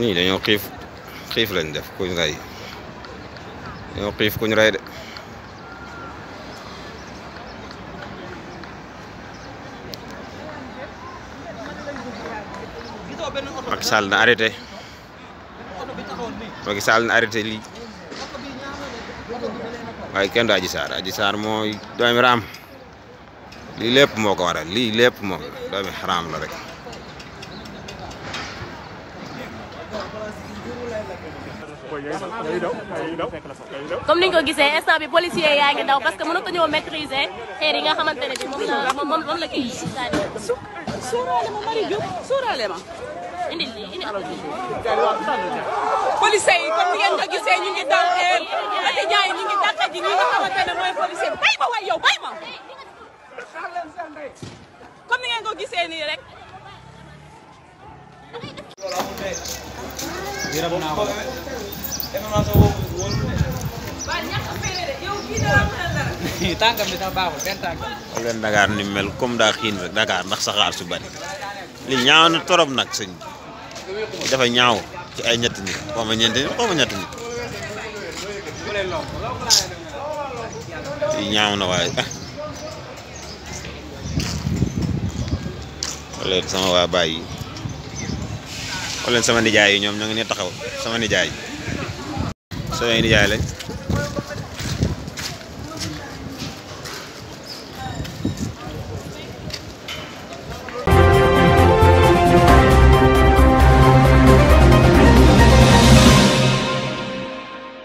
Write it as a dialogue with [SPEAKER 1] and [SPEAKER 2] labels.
[SPEAKER 1] ñii dañoo xiif xiif lañ def kuñ rey dañoo xiif kuñ rey de Macky Sall na arrêté Macky Sall na arrêté lii waaye kenn du Adji Sarr Adji Sarr mooy doomi raam lii lépp moo ko waral lii lépp moom doomi xaraam la rek comme ni ko gisee instant bi policier yaa ngi daw parce que mënut a ñoo maîtriser xeer yi nga ne bi moom la moom suuraale ma Marie suuraale ma. indi lii indi alors policier ni ngeen ko gisee ñu ngi daw xeer étudiants yi mooy policier bi bay ma waay yow bay ma. ngeen ko gisee nii rek. yërëm naa ko. tànkam bi sax baaxul benn tànkam. xool leen Dakar ni mel comme daa xiin rek Dakar ndax saxaar su bari li ñaaw na torop nag sëñ bi dafa ñaaw ci ay ñetti nit xaw ma ñeenti nit xaw ma ñetti nit yi ñaaw na waaye ah. sama waa baay yi. xool leen sama nijaay yi ñoom ñoo ngi ne taxaw sama nijaay nijaay lañ